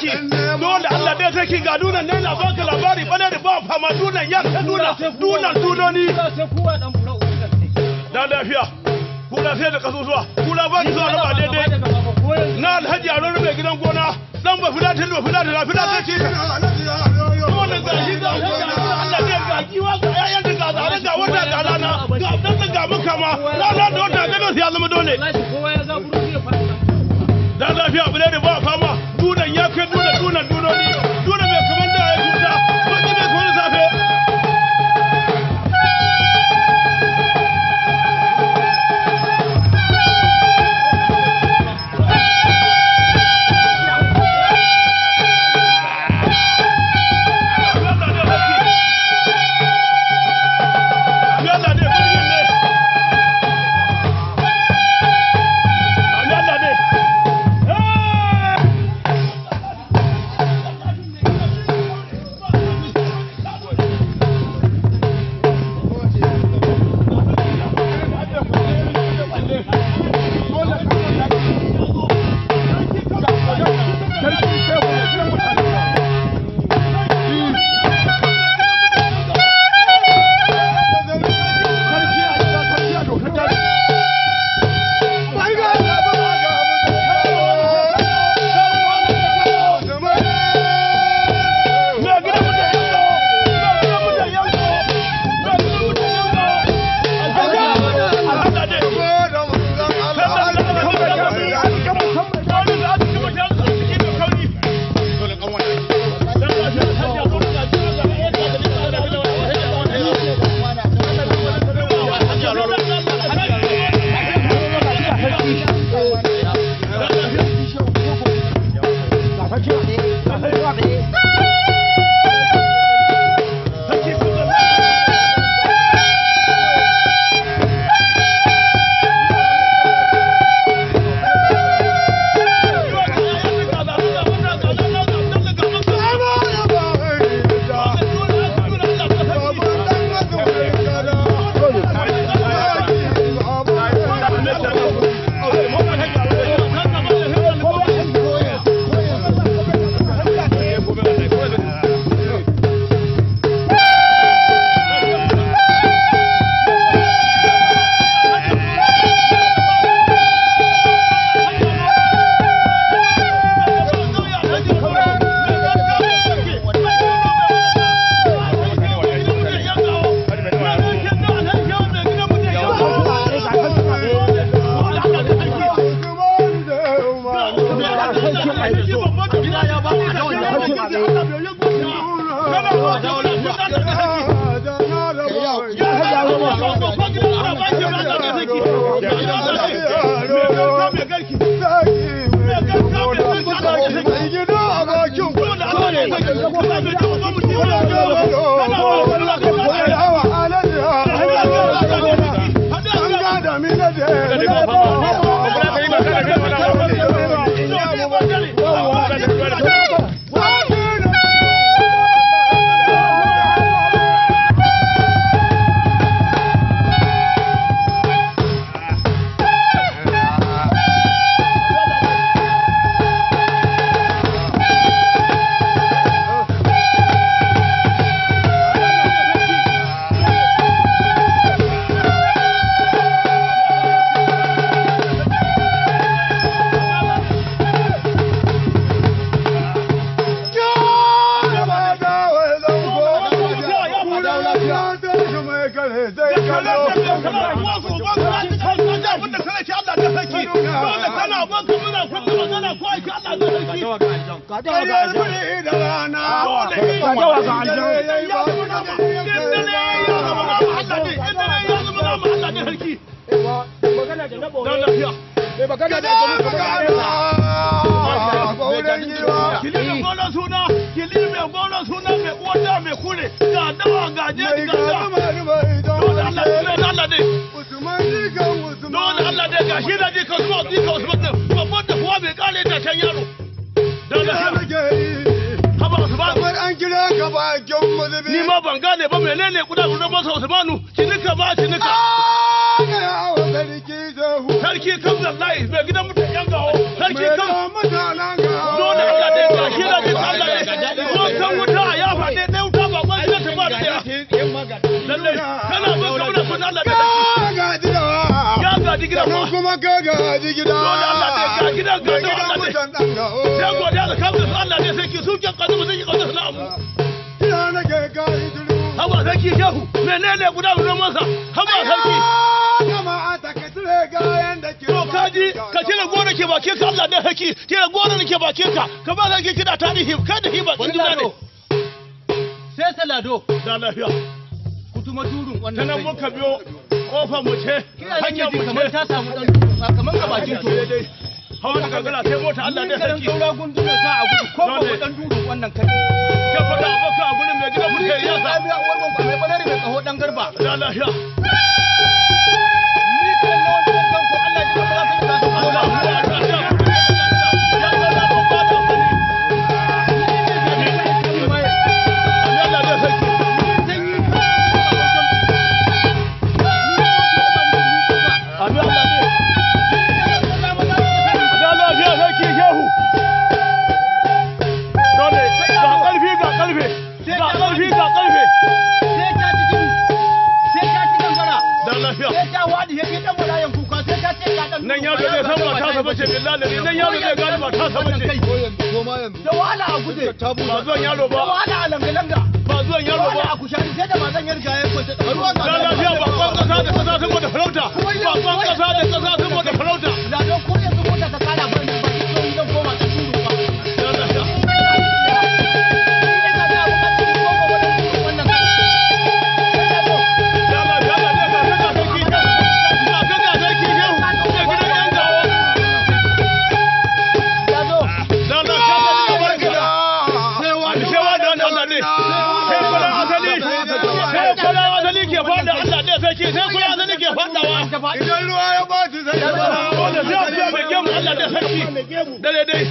ciki dole Allah dai sai kin ga dunan nan na baka labari bane da ba fama dunan ta dunan dunan dunoni da lafiya kula sai da kasusuwa kula ba ki zuwa ba daidai na alhaji a mai gidan gona dan ba filatin ba da na filatin ce dole ga shi da Allah ga kiwa ga yayan da ga zare ga wata ga ga dan ga makama da wata ya zama dole ta lafiya abu da ba fama dunan ya kai dunan dunan dunoni kan he zai kallo ta ta na na kili mai gona suna kili mai gona suna mai uwa mai kure ga dawa ga jeji gashi na ji kan zuwa ji kan zuwa babban da kuwa bai kare tashen yaro da lafiya haba usman kamar an kira ka bakin muzubi ni ma ban gane ba menene kuda guda masa usmanu cinika ba cinika sarki kan zallahi mai gidan mutan yan gawo sarki kan dole Allah dai gashi na ji Allah ne ko kan wuta ya faɗe ɗaya wuta ba ban zai ta ba da ya lallai gaji gidan ma kuma ka gaji gida dole Allah ne sai godiya ga kamun su Allah ne sai ki su da muka biyo kofar mu ce hanyar mu kamar ta samu dan kamar ka bakin to dai hawan gangara sai mota Allah da sarki ni gundu gunduma ta a gudu kofar mu dan duru wannan kai ka fada abokan a gurin mai gida mu ya sa ya uwar ban ba mai bare mai kaho dan garba la lahiya zo ma yanzu da wahala a guje ba zuwan na ba da wahala a langa-langa ba zuwan yaro ba a kushari da ba zan yarga ya kwace da ruwan ka lafiya ba kwan kasa da kasa sun bada farauta ba kwan kasa da kasa sun bada farauta da don ko yanzu mota ta kara nake sai kula da nake fadawa idan ruwa ya ba shi sai ya fara dole sai ya biya mai Allah da sarki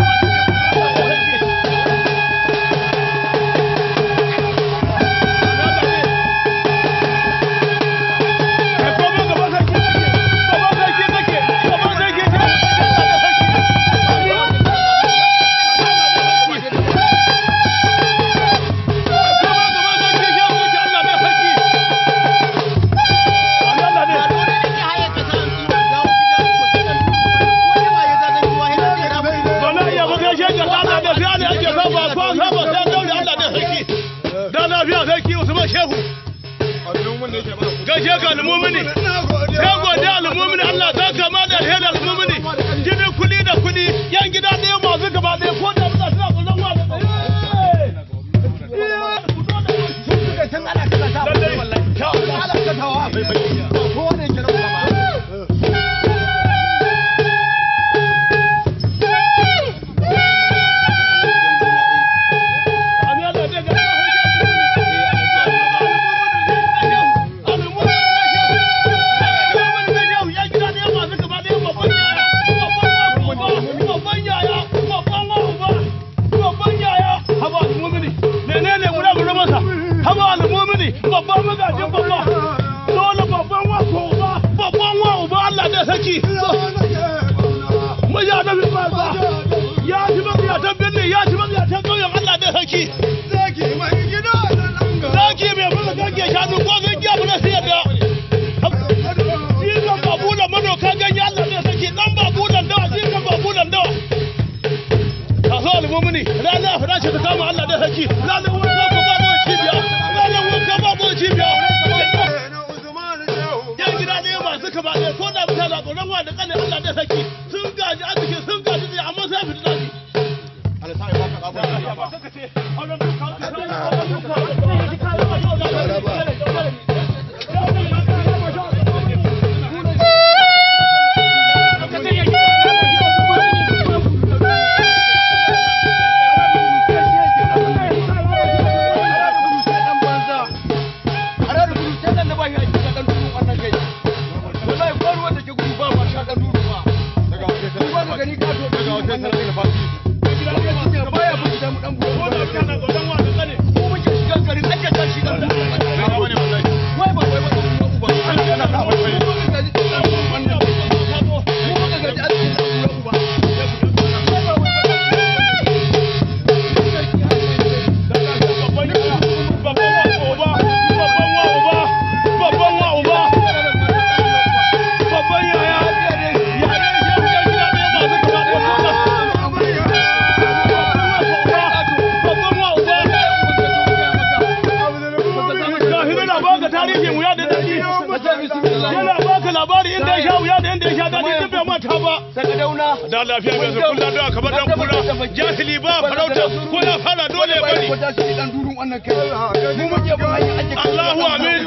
na fara dole ba a Wata shi dan durun wannan kai. Mu muke ba ake kai. Allahu amin.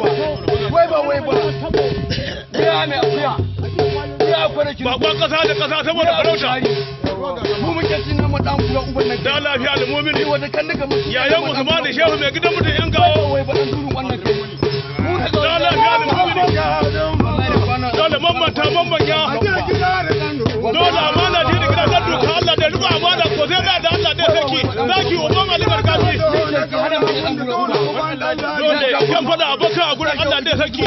Wai ba wai ba. Ya Ya da kasa da kasa saboda farauta. Mu muke cin madan kuwa uban nan. Da lafiya da mu'mini. Ni wanda kan daga mutum. Yayan Usman da Shehu mai gidan yan gawo. Wai ba dan durun wannan kai. Da lafiya da mu'mini. Dole mamman ta mamman ya. Dole amana Allah da riko amana ko zai da Allah da sarki zaki wa ban Ali Barkati dole kan fada abaka a gurin Allah da sarki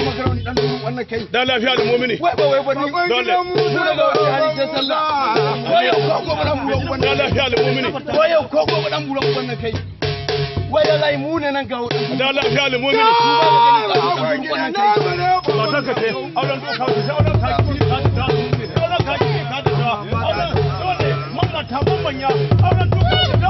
da lafiya da mu'mini dole da lafiya da mu'mini ko ko dan buran wannan kai lai nan ga da lafiya da mu'mini auren auren kaki auren 他不问呀，阿拉都。